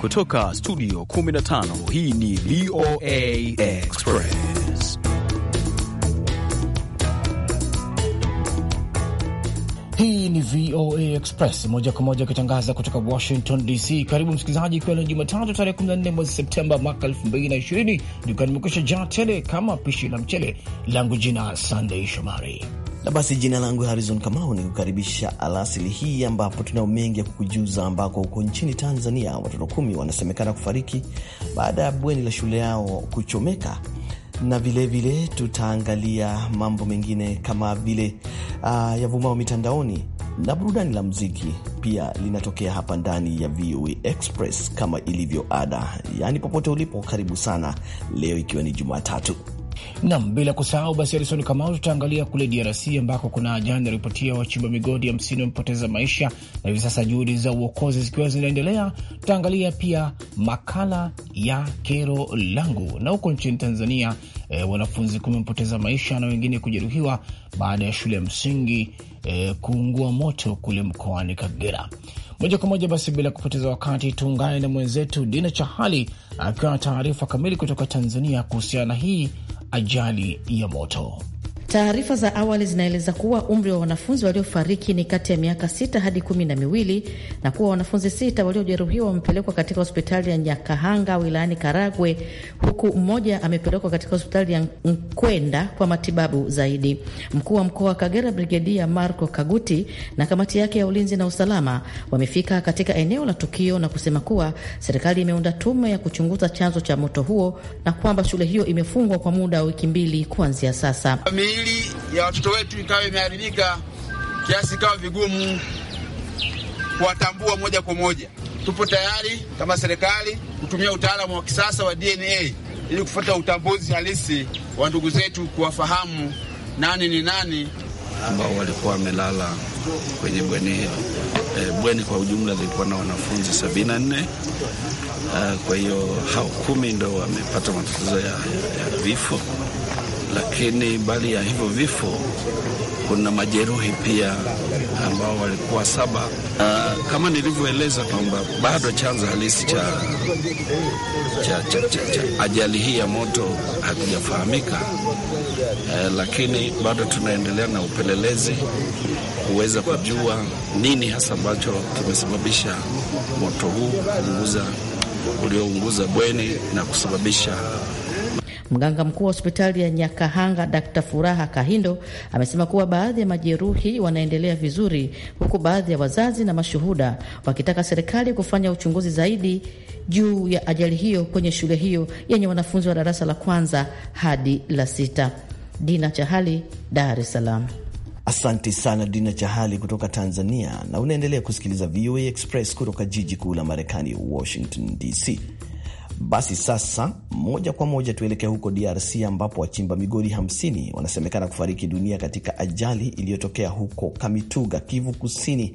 Kutoka studio 15 hii ni VOA Express. Hii ni VOA Express moja kwa moja ikitangaza kutoka Washington DC. Karibu msikilizaji, ikiwa leo Jumatatu tarehe 14 mwezi Septemba mwaka 2020, dukani mekwisha jaa tele kama pishi la mchele langu. Jina sandey Shomari na basi, jina langu harizon Kamau, ni kukaribisha alasili hii ambapo tunayo mengi ya kukujuza, ambako huko nchini Tanzania watoto kumi wanasemekana kufariki baada ya bweni la shule yao kuchomeka na vilevile tutaangalia mambo mengine kama vile uh, yavumao mitandaoni na burudani la muziki pia linatokea hapa ndani ya VOA Express kama ilivyo ada. Yaani, popote ulipo, karibu sana leo, ikiwa ni Jumatatu. Nam, bila kusahau basi, Harison Kamau, tutaangalia kule DRC ambako kuna ajali inaripotia wachimba migodi hamsini wamepoteza maisha na hivi sasa juhudi za uokozi zikiwa zinaendelea. Tutaangalia pia makala ya kero langu, na huko nchini Tanzania e, wanafunzi kumi wamepoteza maisha na wengine kujeruhiwa baada ya shule ya msingi e, kuungua moto kule mkoani Kagera. Moja kwa moja basi, bila kupoteza wakati, tuungane na mwenzetu Dina Chahali akiwa na taarifa kamili kutoka Tanzania kuhusiana na hii ajali ya moto. Taarifa za awali zinaeleza kuwa umri wa wanafunzi waliofariki ni kati ya miaka sita hadi kumi na miwili na kuwa wanafunzi sita waliojeruhiwa wamepelekwa katika hospitali ya Nyakahanga wilayani Karagwe, huku mmoja amepelekwa katika hospitali ya Nkwenda kwa matibabu zaidi. Mkuu wa mkoa wa Kagera Brigedia Marco Kaguti na kamati yake ya ulinzi na usalama wamefika katika eneo la tukio na kusema kuwa serikali imeunda tume ya kuchunguza chanzo cha moto huo na kwamba shule hiyo imefungwa kwa muda wa wiki mbili kuanzia sasa Ami miili ya watoto wetu ikawa imeharibika kiasi ikawa vigumu kuwatambua moja kwa moja. Tupo tayari kama serikali kutumia utaalamu wa kisasa wa DNA ili kufuata utambuzi halisi wa ndugu zetu, kuwafahamu nani ni nani ambao walikuwa wamelala kwenye bweni hilo. Eh, e, bweni kwa ujumla lilikuwa na wanafunzi 74. na eh, Kwa hiyo hao kumi ndo wamepata matatizo ya, ya vifo lakini bali ya hivyo vifo kuna majeruhi pia ambao walikuwa saba. Uh, kama nilivyoeleza kwamba bado chanzo halisi cha, cha, cha, cha, cha ajali hii ya moto hakijafahamika. Uh, eh, lakini bado tunaendelea na upelelezi kuweza kujua nini hasa ambacho kimesababisha moto huu kuunguza uliounguza bweni na kusababisha Mganga mkuu wa hospitali ya Nyakahanga Dkt. Furaha Kahindo amesema kuwa baadhi ya majeruhi wanaendelea vizuri, huku baadhi ya wazazi na mashuhuda wakitaka serikali kufanya uchunguzi zaidi juu ya ajali hiyo kwenye shule hiyo yenye wanafunzi wa darasa la kwanza hadi la sita. Dina Chahali, Dar es Salaam. Asante sana Dina Chahali kutoka Tanzania, na unaendelea kusikiliza VOA Express kutoka jiji kuu la Marekani, Washington DC. Basi sasa moja kwa moja tuelekea huko DRC ambapo wachimba migodi 50 wanasemekana kufariki dunia katika ajali iliyotokea huko Kamituga, Kivu Kusini,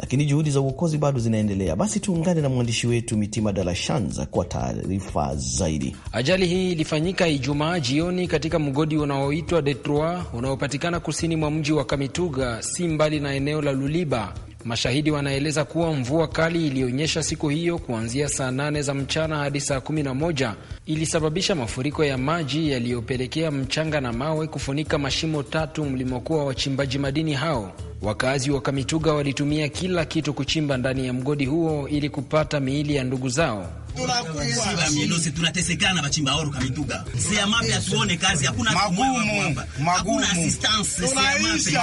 lakini juhudi za uokozi bado zinaendelea. Basi tuungane na mwandishi wetu Mitima Dalashanza kwa taarifa zaidi. Ajali hii ilifanyika Ijumaa jioni katika mgodi unaoitwa Detroit unaopatikana kusini mwa mji wa Kamituga, si mbali na eneo la Luliba. Mashahidi wanaeleza kuwa mvua kali iliyoonyesha siku hiyo kuanzia saa nane za mchana hadi saa kumi na moja ilisababisha mafuriko ya maji yaliyopelekea mchanga na mawe kufunika mashimo tatu mlimokuwa wachimbaji madini hao. Wakazi wa Kamituga walitumia kila kitu kuchimba ndani ya mgodi huo ili kupata miili ya ndugu zao tunatesekana, bachimba kamituga mape atuone kazi, hakuna magumu, hakuna assistance mape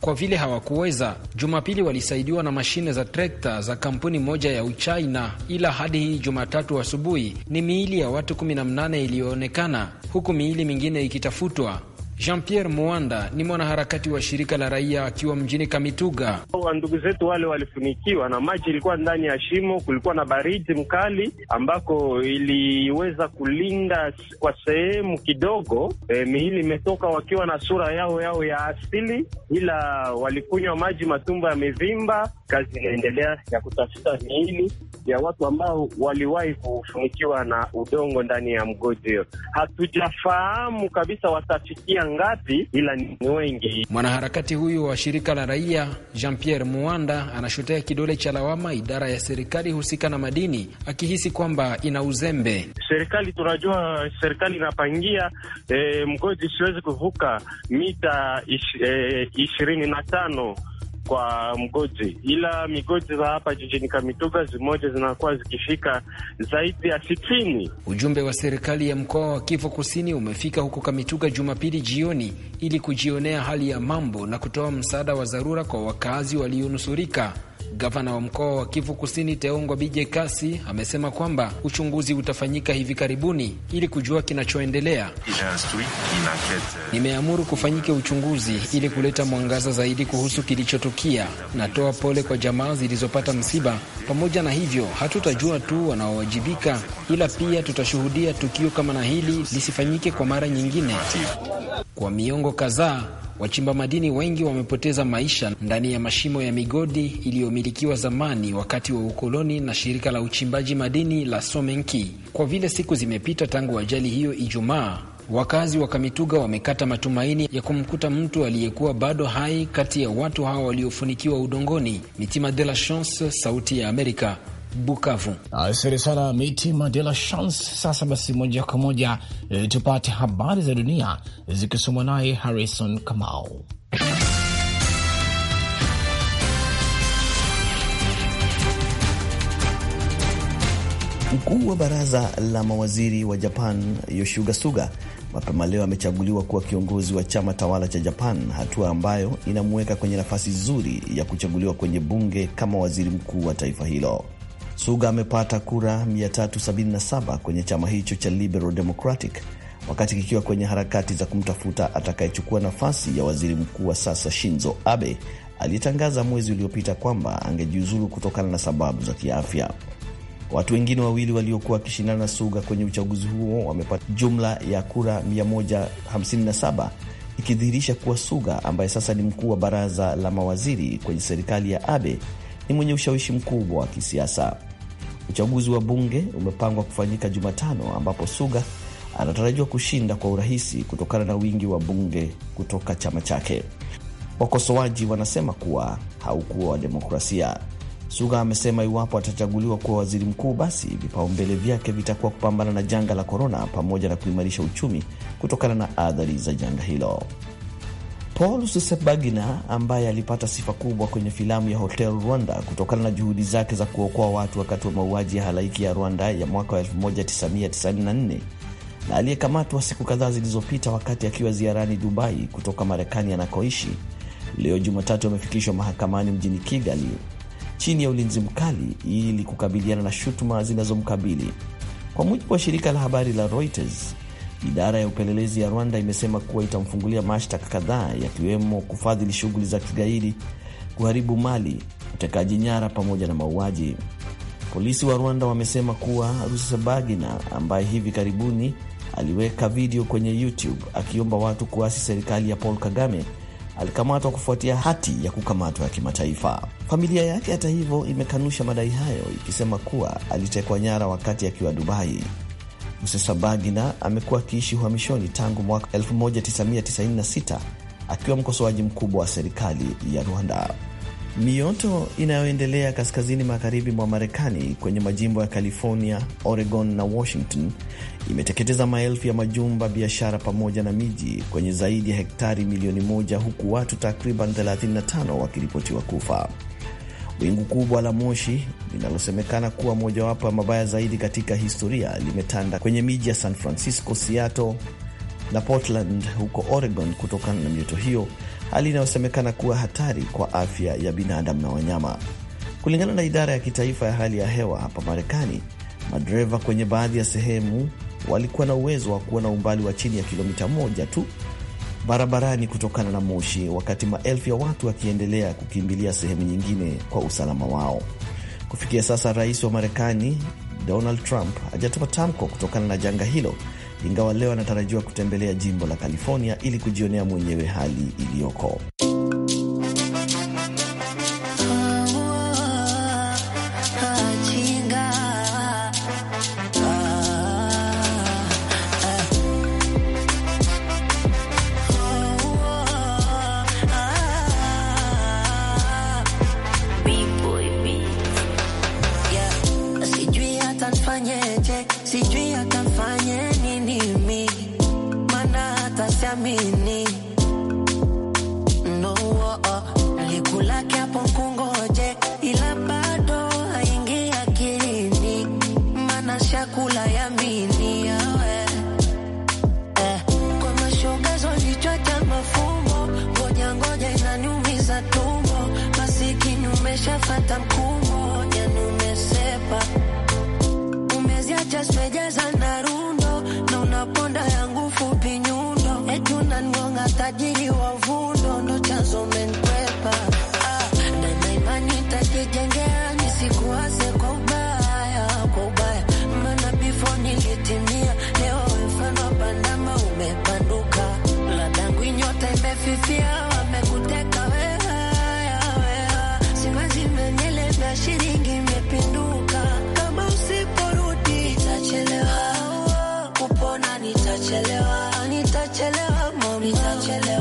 kwa vile hawakuweza. Jumapili walisaidiwa na mashine za trekta za kampuni moja ya Uchina, ila hadi hii Jumatatu asubuhi ni miili ya watu 18 iliyoonekana, huku miili mingine ikitafutwa. Jean-Pierre Mwanda ni mwanaharakati wa shirika la raia akiwa mjini Kamituga. Ndugu zetu wale walifunikiwa na maji, ilikuwa ndani ya shimo, kulikuwa na baridi mkali ambako iliweza kulinda kwa sehemu kidogo. E, miili imetoka wakiwa na sura yao yao ya asili, ila walikunywa maji, matumba yamevimba. Kazi inaendelea ya kutafuta miili ya watu ambao waliwahi kufunikiwa na udongo ndani ya mgodi hiyo. Hatujafahamu kabisa watafikia ngapi, ila ni wengi. Mwanaharakati huyu wa shirika la raia Jean Pierre Muanda anashotea kidole cha lawama idara ya serikali husika na madini, akihisi kwamba ina uzembe. Serikali tunajua serikali inapangia e, eh, mgodi siwezi kuvuka mita ish, e, ishirini na tano kwa mgoje, ila migoje za hapa jijini Kamituga zimoja zinakuwa zikifika zaidi ya sitini. Ujumbe wa serikali ya mkoa wa Kivu Kusini umefika huko Kamituga Jumapili jioni ili kujionea hali ya mambo na kutoa msaada wa dharura kwa wakazi walionusurika. Gavana wa mkoa wa Kivu Kusini teongwa Bije Kasi amesema kwamba uchunguzi utafanyika hivi karibuni ili kujua kinachoendelea. Nimeamuru kufanyike uchunguzi ili kuleta mwangaza zaidi kuhusu kilichotukia. Natoa pole kwa jamaa zilizopata msiba. Pamoja na hivyo, hatutajua tu wanaowajibika, ila pia tutashuhudia tukio kama na hili lisifanyike kwa mara nyingine. Kwa miongo kadhaa Wachimba madini wengi wamepoteza maisha ndani ya mashimo ya migodi iliyomilikiwa zamani wakati wa ukoloni na shirika la uchimbaji madini la Somenki. Kwa vile siku zimepita tangu ajali hiyo Ijumaa, wakazi wa Kamituga wamekata matumaini ya kumkuta mtu aliyekuwa bado hai kati ya watu hawa waliofunikiwa udongoni. Mitima de la Chance, Sauti ya Amerika, Bukavu. Asante sana Miti Mandela Chance. Sasa basi, moja kwa moja e, tupate habari za dunia zikisomwa naye Harrison Kamau. Mkuu wa baraza la mawaziri wa Japan Yoshuga Suga mapema leo amechaguliwa kuwa kiongozi wa chama tawala cha Japan, hatua ambayo inamuweka kwenye nafasi nzuri ya kuchaguliwa kwenye bunge kama waziri mkuu wa taifa hilo. Suga amepata kura 377 kwenye chama hicho cha Liberal Democratic wakati kikiwa kwenye harakati za kumtafuta atakayechukua nafasi ya waziri mkuu wa sasa Shinzo Abe aliyetangaza mwezi uliopita kwamba angejiuzulu kutokana na sababu za kiafya. Watu wengine wawili waliokuwa wakishindana na Suga kwenye uchaguzi huo wamepata jumla ya kura 157 ikidhihirisha kuwa Suga ambaye sasa ni mkuu wa baraza la mawaziri kwenye serikali ya Abe ni mwenye ushawishi mkubwa wa kisiasa. Uchaguzi wa bunge umepangwa kufanyika Jumatano, ambapo Suga anatarajiwa kushinda kwa urahisi kutokana na wingi wa bunge kutoka chama chake. Wakosoaji wanasema kuwa haukuwa wa demokrasia. Suga amesema iwapo atachaguliwa kuwa waziri mkuu, basi vipaumbele vyake vitakuwa kupambana na janga la korona pamoja na kuimarisha uchumi kutokana na athari za janga hilo. Paul Rusesabagina ambaye alipata sifa kubwa kwenye filamu ya Hotel Rwanda kutokana na juhudi zake za kuokoa watu wakati wa mauaji ya halaiki ya Rwanda ya mwaka 1994 na aliyekamatwa siku kadhaa zilizopita wakati akiwa ziarani Dubai kutoka Marekani anakoishi, leo Jumatatu amefikishwa mahakamani mjini Kigali chini ya ulinzi mkali ili kukabiliana na shutuma zinazomkabili. Kwa mujibu wa shirika la habari la Reuters, Idara ya upelelezi ya Rwanda imesema kuwa itamfungulia mashtaka kadhaa yakiwemo kufadhili shughuli za kigaidi, kuharibu mali, utekaji nyara pamoja na mauaji. Polisi wa Rwanda wamesema kuwa Rusesabagina ambaye hivi karibuni aliweka video kwenye YouTube akiomba watu kuasi serikali ya Paul Kagame alikamatwa kufuatia hati ya kukamatwa ya kimataifa. Familia yake hata hivyo imekanusha madai hayo, ikisema kuwa alitekwa nyara wakati akiwa Dubai. Msesabagina amekuwa akiishi uhamishoni tangu mwaka 1996 akiwa mkosoaji mkubwa wa serikali ya Rwanda. Mioto inayoendelea kaskazini magharibi mwa Marekani kwenye majimbo ya California, Oregon na Washington imeteketeza maelfu ya majumba, biashara pamoja na miji kwenye zaidi ya hektari milioni moja huku watu takriban 35 wakiripotiwa kufa. Wingu kubwa la moshi linalosemekana kuwa mojawapo ya mabaya zaidi katika historia limetanda kwenye miji ya San Francisco, Seattle na Portland huko Oregon kutokana na mioto hiyo, hali inayosemekana kuwa hatari kwa afya ya binadamu na wanyama. Kulingana na idara ya kitaifa ya hali ya hewa hapa Marekani, madereva kwenye baadhi ya sehemu walikuwa na uwezo wa kuona umbali wa chini ya kilomita moja tu barabarani kutokana na moshi, wakati maelfu ya watu wakiendelea kukimbilia sehemu nyingine kwa usalama wao. Kufikia sasa, rais wa Marekani Donald Trump hajatoa tamko kutokana na janga hilo, ingawa leo anatarajiwa kutembelea jimbo la California ili kujionea mwenyewe hali iliyoko. yake hapo kungoje, ila bado haingii akilini, mana shakula yamini yawe eh, kwa mashogazo na unaponda yangu fupi nyundo, etunangonga tajiri wavuno nitachelewa, nitachelewa, nitachelewa mama, nitachelewa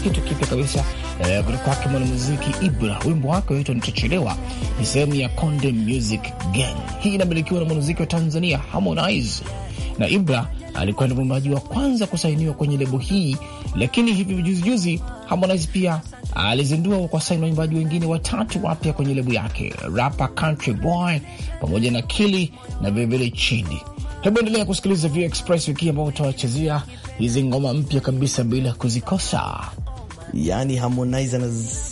kitu kipya kabisa eh, kwake mwanamuziki Ibra. Wimbo wake unaitwa Nitachelewa ni sehemu ya Konde Music Gang. Hii inamilikiwa na mwanamuziki wa Tanzania Harmonize, na Ibra alikuwa ni mwimbaji wa kwanza kusainiwa kwenye lebo hii, lakini hivi vijuzijuzi Harmonize pia alizindua kwa saini waimbaji wengine watatu wapya kwenye lebo yake, rapa Country Boy pamoja na Kili na vilevile Chidi. Hebu endelea kusikiliza View Express wiki ambao utawachezia hizi ngoma mpya kabisa bila kuzikosa. Yaani Harmonize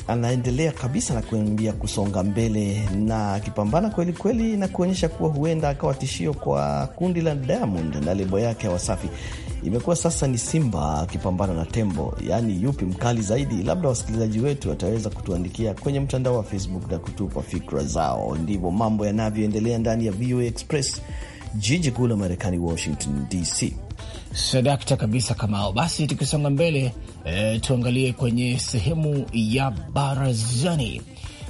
anaendelea kabisa na kuambia kusonga mbele na akipambana kweli kweli, na kuonyesha kuwa huenda akawa tishio kwa kundi la Diamond na lebo yake ya Wasafi. Imekuwa sasa ni simba akipambana na tembo, yaani yupi mkali zaidi? Labda wasikilizaji wetu wataweza kutuandikia kwenye mtandao wa Facebook na kutupa fikra zao. Ndivyo mambo yanavyoendelea ndani ya VOA Express, jiji kuu la Marekani, Washington DC sadakta kabisa kamao. Basi tukisonga mbele e, tuangalie kwenye sehemu ya barazani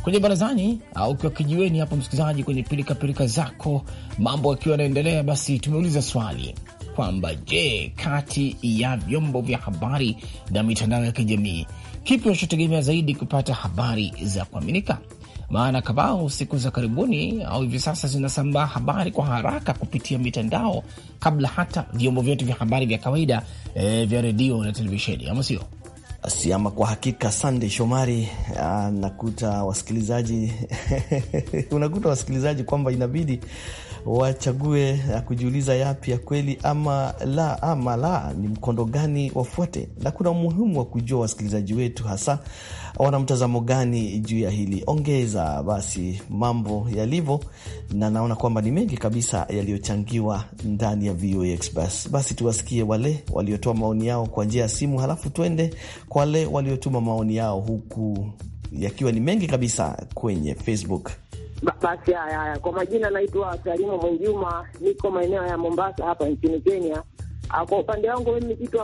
kwenye barazani au ukiwa kijiweni hapo, msikilizaji, kwenye pilika pilika zako, mambo yakiwa yanaendelea, basi tumeuliza swali kwamba je, kati ya vyombo vya habari na mitandao ya kijamii kipi unachotegemea zaidi kupata habari za kuaminika? maana kabao siku za karibuni au hivi sasa zinasambaa habari kwa haraka kupitia mitandao kabla hata vyombo vyote vya habari vya kawaida e, vya redio na televisheni, ama sio? Siama, kwa hakika. Sande Shomari, ah, nakuta wasikilizaji unakuta wasikilizaji kwamba inabidi wachague ya kujiuliza yapi ya kweli ama la, ama la ni mkondo gani wafuate, na kuna umuhimu wa kujua wasikilizaji wetu hasa wana mtazamo gani juu ya hili. Ongeza basi mambo yalivyo, na naona kwamba ni mengi kabisa yaliyochangiwa ndani ya VOA Express. Basi tuwasikie wale waliotoa maoni yao kwa njia ya simu, halafu tuende kwa wale waliotuma maoni yao huku yakiwa ni mengi kabisa kwenye Facebook. Basi haya haya, kwa majina naitwa Salimu Mwijuma, niko maeneo ya Mombasa hapa nchini Kenya. Ah, kwa upande wangu mimi, vitu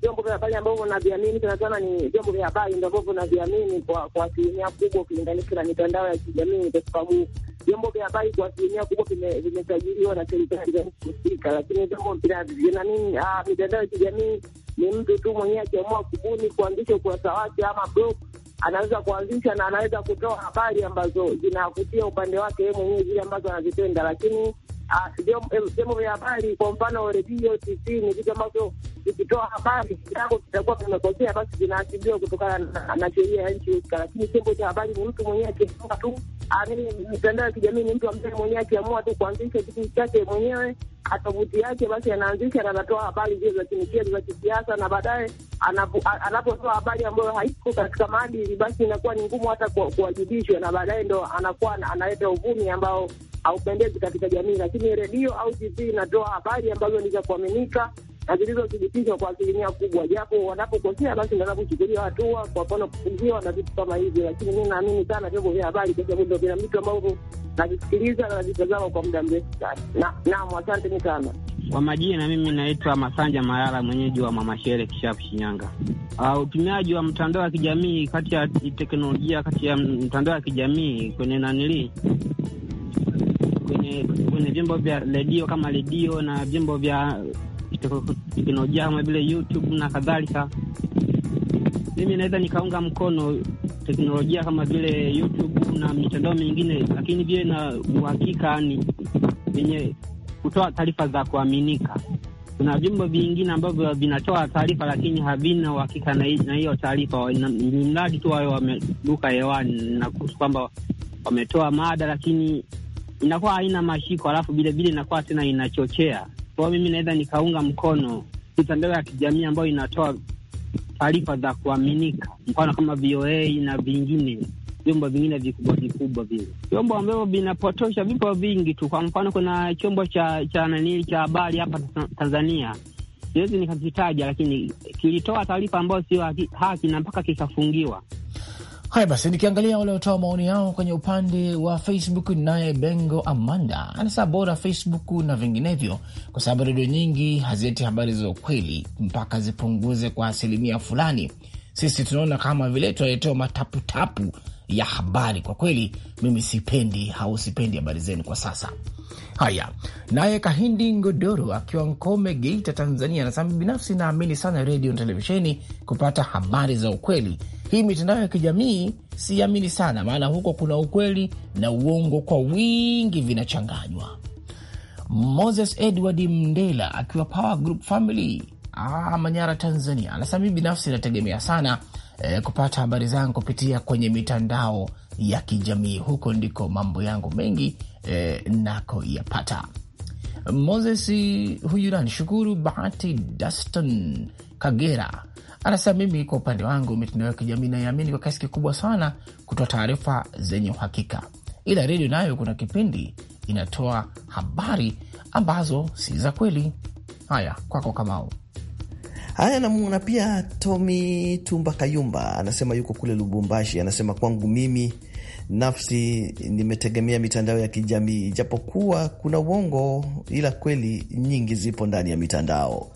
vyombo vya habari ambavyo naviamini sana sana ni vyombo vya habari ndio ambavyo naviamini kwa asilimia kubwa ukilinganisha na mitandao ya kijamii, kwa sababu vyombo vya habari kwa asilimia kubwa vimesajiliwa na serikali za husika, lakini vyombo nini, ah, mitandao ya kijamii ni mtu tu mwenyewe akiamua kubuni kuanzisha ukurasa wake ama blog anaweza kuanzisha na anaweza kutoa habari ambazo zinavutia upande wake yeye mwenyewe, zile ambazo anazipenda, lakini ah, eh, vyombo vya habari, kwa mfano redio, TV ni vitu ambavyo vikitoa habari kidogo vitakuwa vimekosea, basi vinaadhibiwa kutokana na sheria ya nchi husika. Lakini chombo cha habari ni mtu mwenyewe akitoka tu Ah, mitandao ya kijamii ni mtu ambaye mwenyewe akiamua tu kuanzisha kitu chake mwenyewe atovuti yake, basi anaanzisha na anatoa habari zile za kimichezo za kisiasa, na baadaye anapotoa habari ambayo haiko katika maadili, basi inakuwa ni ngumu hata kuwajibishwa, na baadaye ndo anakuwa analeta uvumi ambao haupendezi katika jamii. Lakini redio au TV inatoa habari ambazo ni za kuaminika na zilizothibitishwa kwa asilimia kubwa, japo wanapokosea basi ndio kuchukulia hatua, kwa mfano kufungiwa na vitu kama hivyo. Lakini mi naamini sana vyombo vya habari kwa sababu vina vitu ambavyo navisikiliza na navitazama kwa muda mrefu sana. Naam, ni sana kwa majina. Mimi naitwa Masanja Mayara, mwenyeji wa mamashere Kishapu, Shinyanga. Uh, utumiaji wa mtandao wa kijamii kati ya teknolojia kati ya mtandao wa kijamii kwenye nanilii kwenye vyombo vya redio kama redio na vyombo vya teknolojia kama vile YouTube na kadhalika. Mimi naweza nikaunga mkono teknolojia kama vile YouTube na mitandao mingine, lakini vile na uhakika ni yenye kutoa taarifa za kuaminika. Kuna vyombo vingine ambavyo vinatoa taarifa lakini havina uhakika na hiyo taarifa, ni mradi tu wao wameduka hewani na kuhusu kwamba wametoa mada, lakini inakuwa haina mashiko, alafu vilevile inakuwa tena inachochea kwao, mimi naweza nikaunga mkono mitandao ya kijamii ambayo inatoa taarifa za kuaminika, mfano kama VOA na vingine vyombo vingine vikubwa vikubwa vile, vyombo ambavyo vinapotosha vipo vingi tu. Kwa mfano, kuna chombo cha cha nani cha habari hapa Tanzania, siwezi nikakitaja, lakini kilitoa taarifa ambayo sio haki na mpaka kikafungiwa. Haya basi, nikiangalia waliotoa maoni yao kwenye upande wa Facebook, naye Bengo Amanda anasema bora Facebook na vinginevyo, kwa sababu redio nyingi hazileti habari za ukweli, mpaka zipunguze kwa asilimia fulani. Sisi tunaona kama vile tunaletewa mataputapu ya habari. Kwa kweli mimi sipendi au sipendi habari zenu kwa sasa. Haya, naye Kahindi Ngodoro akiwa Nkome, Geita, Tanzania, anasema binafsi naamini sana redio na televisheni kupata habari za ukweli hii mitandao ya kijamii siamini sana, maana huko kuna ukweli na uongo kwa wingi vinachanganywa. Moses Edward Mndela akiwa Power Group Family ah, Manyara, Tanzania, anasema mi binafsi nategemea sana eh, kupata habari zangu kupitia kwenye mitandao ya kijamii. Huko ndiko mambo yangu mengi eh, yapata Moses huyu nani, Shukuru Bahati Daston Kagera Anasema, mimi kwa upande wangu mitandao ya kijamii naiamini kwa kiasi kikubwa sana kutoa taarifa zenye uhakika, ila redio nayo kuna kipindi inatoa habari ambazo si za kweli. Haya, kwako Kamau. Haya, namuona pia Tomi Tumba Kayumba anasema yuko kule Lubumbashi. Anasema kwangu mimi nafsi nimetegemea mitandao ya kijamii japokuwa kuna uongo, ila kweli nyingi zipo ndani ya mitandao.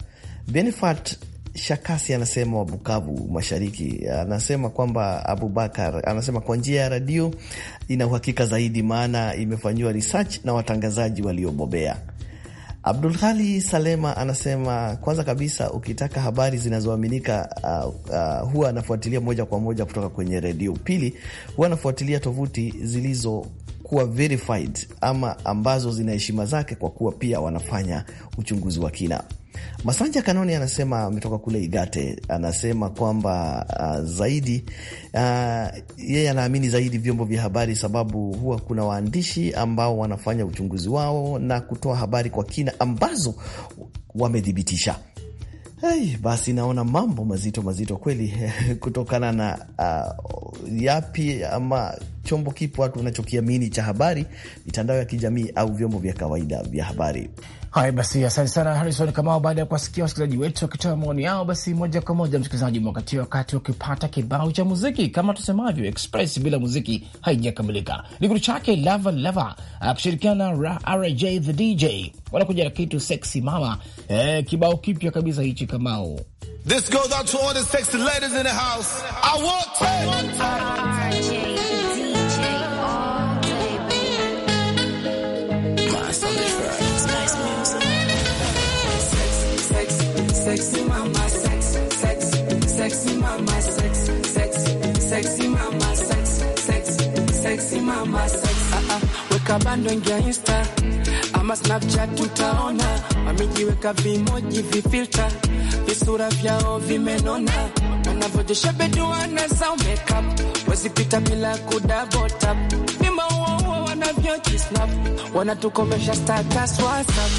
Benefat Shakasi anasema wa Bukavu Mashariki, anasema kwamba Abubakar anasema kwa njia ya redio ina uhakika zaidi, maana imefanyiwa research na watangazaji waliobobea. Abdul Hali Salema anasema kwanza kabisa, ukitaka habari zinazoaminika uh, uh, huwa anafuatilia moja kwa moja kutoka kwenye redio. Pili, huwa anafuatilia tovuti zilizokuwa verified ama ambazo zina heshima zake, kwa kuwa pia wanafanya uchunguzi wa kina. Masanja Kanoni anasema ametoka kule Igate, anasema kwamba uh, zaidi uh, yeye anaamini zaidi vyombo vya habari, sababu huwa kuna waandishi ambao wanafanya uchunguzi wao na kutoa habari kwa kina ambazo wamethibitisha. Hey, basi naona mambo mazito mazito kweli kutokana na uh, yapi ama chombo kipo watu wanachokiamini cha habari, mitandao ya kijamii au vyombo vya kawaida vya habari. Haya basi, asante sana Harison Kamao. Baada ya kuwasikia wasikilizaji wetu wakitoa maoni yao, basi moja kwa moja msikilizaji, mwakati wakati wakipata kibao cha muziki. Kama tusemavyo, express bila muziki haijakamilika. Ni kitu chake Lava Lava akishirikiana na RJ the DJ, wanakuja na kitu sexy mama. Eh, kibao kipya kabisa hichi Kamao. This goes out to all the sexy ladies in the house. I want weka bando ingia Insta ama Snapchat utaona wamejiweka vimoji vifilter visura vyao vimenona wanavyojesha beduana zao makeup wazipita bila kudouble tap bima wao wanavyojisnap wanatukomesha status WhatsApp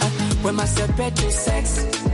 ah, ah. wema sepetu sexy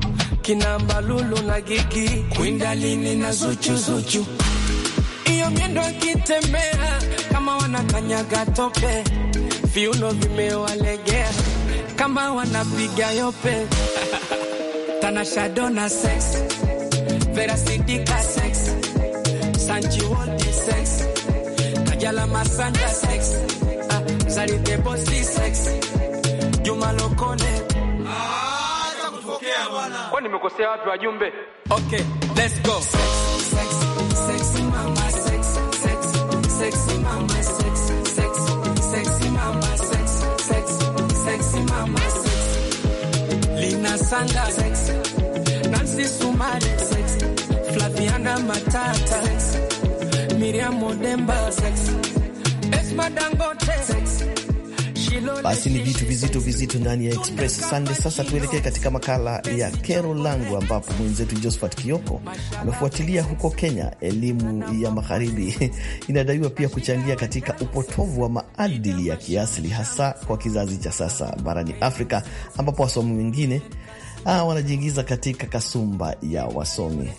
kinamba lulu na gigi kwindalini na zuchu, iyo miendo akitembea kama wanakanyaga tope viuno vimewalegea kama wanapiga yope tanashadona sex verasidika sex sanchiwodi sex kajala masanja sex ah, sex jumalokone Kwani nimekosea wapi wajumbe? Okay, let's go. Sex, sex, sex, mama, sex, sex, sex, mama, mama, mama, Lina Sanda, Sumari, Flaviana Matata, sexy. Miriam Odemba, Esma Dangote, basi ni vitu vizito vizito ndani ya Express Sunday. Sasa tuelekee katika makala ya kero langu, ambapo mwenzetu Josphat Kioko amefuatilia huko Kenya. Elimu ya magharibi inadaiwa pia kuchangia katika upotovu wa maadili ya kiasili, hasa kwa kizazi cha sasa barani Afrika, ambapo wasomi wengine ah, wanajiingiza katika kasumba ya wasomi.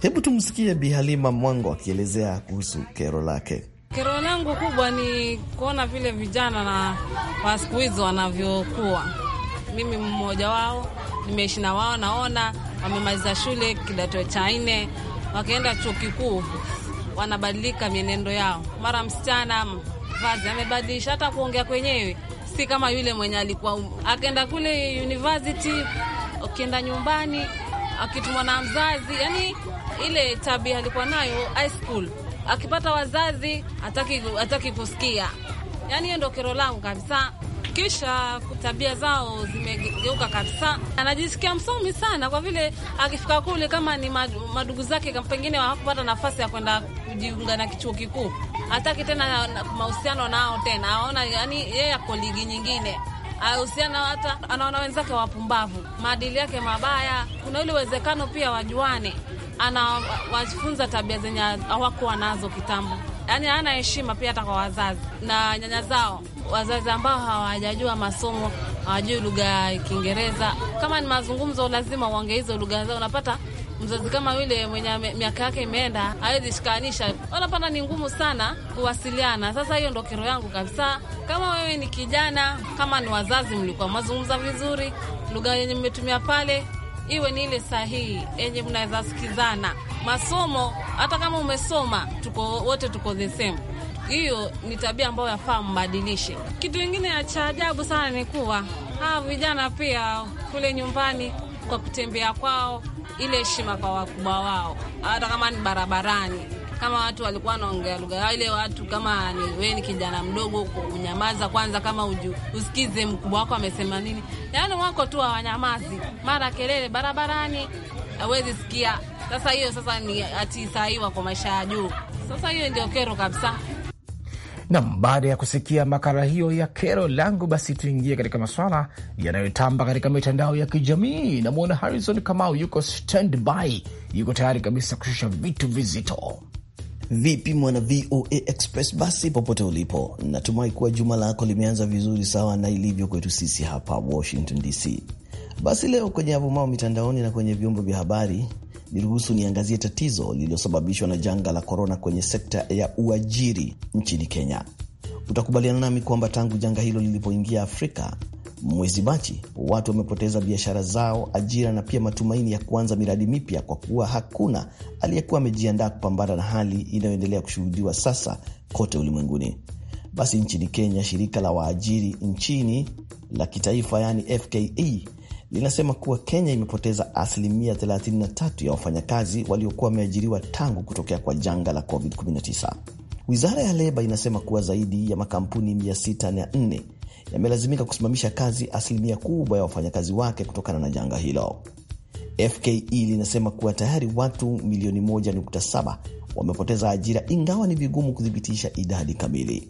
Hebu tumsikie bihalima Mwango akielezea kuhusu kero lake. Kero langu kubwa ni kuona vile vijana na wa siku hizi wanavyokuwa. Mimi mmoja wao, nimeishi na wao, naona wamemaliza shule kidato cha nne, wakaenda chuo kikuu, wanabadilika mienendo yao. Mara msichana vazi amebadilisha, hata kuongea kwenyewe si kama yule mwenye alikuwa. Um, Akaenda kule university, akienda nyumbani, akitumwa na mzazi, yani ile tabia alikuwa nayo high school akipata wazazi hataki hataki kusikia. Yani hiyo ndio kero langu kabisa. Kisha tabia zao zimegeuka kabisa, anajisikia msomi sana kwa vile akifika kule, kama ni madugu zake pengine hawakupata nafasi ya kwenda kujiunga na kichuo kikuu, hataki tena mahusiano nao tena, aona yani yeye ako ligi nyingine ahusiana hata anaona wenzake wapumbavu, maadili yake mabaya. Kuna ule uwezekano pia wajuane, anawafunza tabia zenye hawakuwa nazo kitambo. Yaani hana heshima pia hata kwa wazazi na nyanya zao, wazazi ambao hawajajua masomo, hawajui lugha ya Kiingereza. Kama ni mazungumzo, lazima uongee hizo lugha zao. Unapata mzazi kama yule mwenye miaka yake imeenda hawezi shikanisha, unapata ni ngumu sana kuwasiliana. Sasa hiyo ndo kero yangu kabisa. Kama wewe ni kijana, kama ni wazazi, mlikuwa mazungumza vizuri, lugha yenye mmetumia pale iwe ni ile sahihi yenye mnaweza sikizana. Masomo hata kama umesoma, tuko wote tuko the same. Hiyo ni tabia ambayo yafaa mbadilishe. Kitu kingine cha ajabu sana ni kuwa hawa vijana pia kule nyumbani, kwa kutembea kwao, ile heshima kwa wakubwa wao, hata kama ni barabarani kama watu walikuwa wanaongea lugha wale watu kama ni wewe ni kijana mdogo, kunyamaza kwanza, kama uju, usikize mkubwa wako amesema nini. Yaani wako tu hawanyamazi, mara kelele barabarani, hawezi sikia. Sasa hiyo sasa ni ati saiwa kwa maisha ya juu. Sasa hiyo ndio kero kabisa. Nam, baada ya kusikia makala hiyo ya kero langu, basi tuingie katika maswala yanayotamba katika mitandao ya kijamii. Namwona Harrison Kamau yuko standby, yuko tayari kabisa kushusha vitu vizito. Vipi mwana VOA Express, basi popote ulipo, natumai kuwa juma lako limeanza vizuri sawa na ilivyo kwetu sisi hapa Washington DC. Basi leo kwenye avumao mitandaoni na kwenye vyombo vya habari, niruhusu niangazie tatizo lililosababishwa na janga la korona kwenye sekta ya uajiri nchini Kenya. Utakubaliana nami kwamba tangu janga hilo lilipoingia Afrika Mwezi Machi watu wamepoteza biashara zao, ajira na pia matumaini ya kuanza miradi mipya, kwa kuwa hakuna aliyekuwa amejiandaa kupambana na hali inayoendelea kushuhudiwa sasa kote ulimwenguni. Basi nchini Kenya, shirika la waajiri nchini la kitaifa yani FKE linasema kuwa Kenya imepoteza asilimia 33 ya wafanyakazi waliokuwa wameajiriwa tangu kutokea kwa janga la COVID-19. Wizara ya leba inasema kuwa zaidi ya makampuni 604 yamelazimika kusimamisha kazi asilimia kubwa ya wafanyakazi wake kutokana na janga hilo. FKE linasema kuwa tayari watu milioni 1.7 wamepoteza ajira, ingawa ni vigumu kuthibitisha idadi kamili.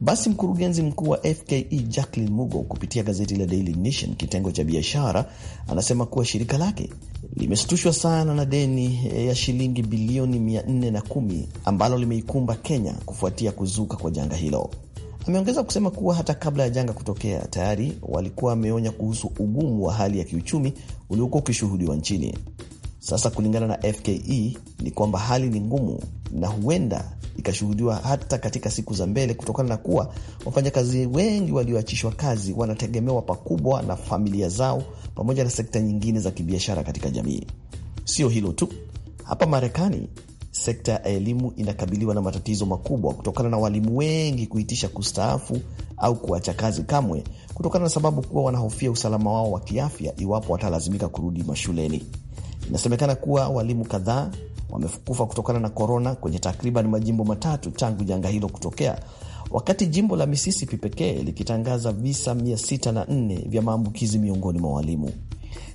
Basi mkurugenzi mkuu wa FKE Jacqueline Mugo, kupitia gazeti la Daily Nation kitengo cha biashara, anasema kuwa shirika lake limeshtushwa sana na deni ya shilingi bilioni 410 ambalo limeikumba Kenya kufuatia kuzuka kwa janga hilo. Ameongeza kusema kuwa hata kabla ya janga kutokea, tayari walikuwa wameonya kuhusu ugumu wa hali ya kiuchumi uliokuwa ukishuhudiwa nchini. Sasa kulingana na FKE ni kwamba hali ni ngumu na huenda ikashuhudiwa hata katika siku za mbele kutokana na kuwa wafanyakazi wengi walioachishwa kazi wanategemewa pakubwa na familia zao pamoja na sekta nyingine za kibiashara katika jamii. Sio hilo tu, hapa Marekani Sekta ya elimu inakabiliwa na matatizo makubwa kutokana na walimu wengi kuitisha kustaafu au kuacha kazi kamwe kutokana na sababu kuwa wanahofia usalama wao wa kiafya iwapo watalazimika kurudi mashuleni. Inasemekana kuwa walimu kadhaa wamekufa kutokana na korona kwenye takriban majimbo matatu tangu janga hilo kutokea, wakati jimbo la Misisipi pekee likitangaza visa 604 vya maambukizi miongoni mwa walimu.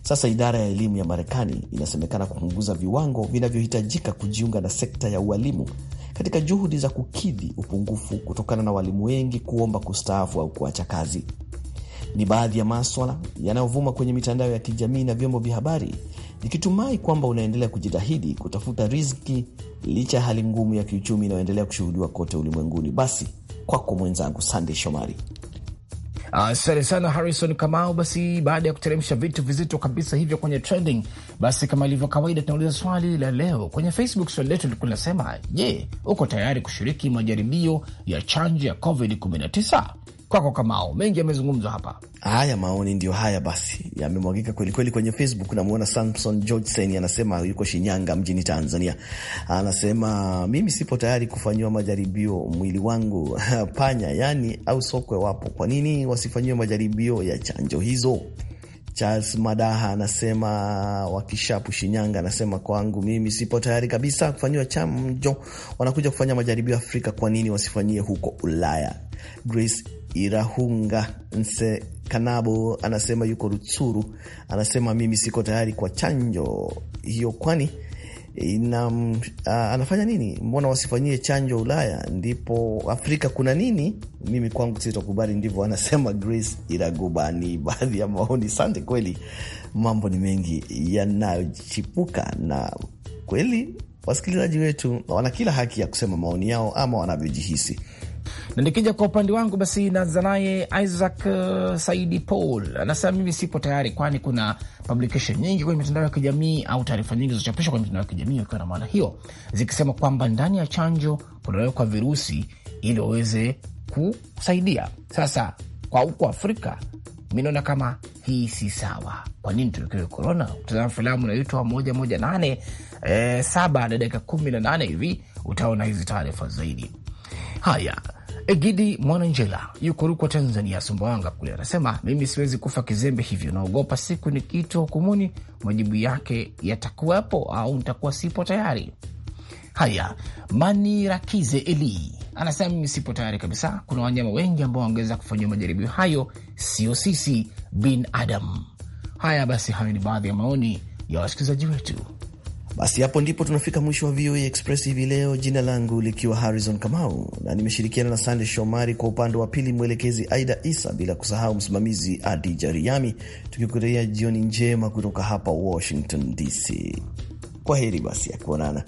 Sasa idara ya elimu ya Marekani inasemekana kupunguza viwango vinavyohitajika kujiunga na sekta ya ualimu katika juhudi za kukidhi upungufu kutokana na walimu wengi kuomba kustaafu au kuacha kazi. Ni baadhi ya maswala yanayovuma kwenye mitandao ya kijamii na vyombo vya habari, nikitumai kwamba unaendelea kujitahidi kutafuta riziki licha ya hali ngumu ya kiuchumi inayoendelea kushuhudiwa kote ulimwenguni. Basi kwako mwenzangu, sandey Shomari. Ah, asante sana Harrison Kamau. Basi baada ya kuteremsha vitu vizito kabisa hivyo kwenye trending, basi kama ilivyo kawaida, tunauliza swali la leo kwenye Facebook. Swali letu lilikuwa linasema, je, uko tayari kushiriki majaribio ya chanjo ya COVID 19? kwako Kamao, mengi yamezungumzwa hapa. Haya maoni ndio haya basi, yamemwagika kwelikweli kwenye Facebook. Namwona Samson Georgesen anasema yuko Shinyanga mjini Tanzania, anasema mimi sipo tayari kufanyiwa majaribio mwili wangu panya yani au sokwe wapo, kwa nini wasifanyiwe majaribio ya chanjo hizo? Charles Madaha anasema wakishapu Shinyanga, anasema kwangu mimi sipo tayari kabisa kufanyiwa chanjo. Wanakuja kufanya majaribio Afrika, kwa nini wasifanyie huko Ulaya? Grace Irahunga Nse Kanabo anasema yuko Rutsuru, anasema mimi siko tayari kwa chanjo hiyo, kwani ina anafanya nini? Mbona wasifanyie chanjo Ulaya? Ndipo Afrika kuna nini? Mimi kwangu sitakubali, ndivyo anasema Grace Iraguba. Ni baadhi ya maoni. Sante, kweli mambo ni mengi yanayochipuka, na kweli wasikilizaji wetu wana kila haki ya kusema maoni yao ama wanavyojihisi. Na nikija kwa upande wangu, basi naanza naye Isaac uh, Saidi Paul anasema mimi sipo tayari, kwani kuna publication nyingi kwenye mitandao ya kijamii au taarifa nyingi zilizochapishwa kwenye mitandao ya kijamii wakiwa na maana hiyo, zikisema kwamba ndani ya chanjo kunawekwa virusi ili waweze kusaidia. Sasa kwa huko Afrika mi naona kama hii si sawa. Kwa nini tuwekewe korona? Kutazama filamu inaitwa moja moja nane e, saba na dakika kumi na nane hivi utaona hizi taarifa zaidi. Haya, Egidi Mwananjela yuko Rukwa, Tanzania, Sumbawanga kule, anasema mimi siwezi kufa kizembe hivyo, naogopa siku nikiitwa hukumuni majibu yake yatakuwepo au nitakuwa sipo tayari. Haya, Manirakize Eli anasema mimi sipo tayari kabisa. Kuna wanyama wengi ambao wangeweza kufanyiwa majaribio hayo, sio sisi binadamu. Haya basi, hayo ni baadhi ya maoni ya wasikilizaji wetu. Basi hapo ndipo tunafika mwisho wa VOA Express hivi leo, jina langu likiwa Harrison Kamau na nimeshirikiana na Sande Shomari kwa upande wa pili, mwelekezi Aida Isa, bila kusahau msimamizi Adi Jariami, tukikutegia jioni njema kutoka hapa Washington DC. Kwa heri basi ya kuonana.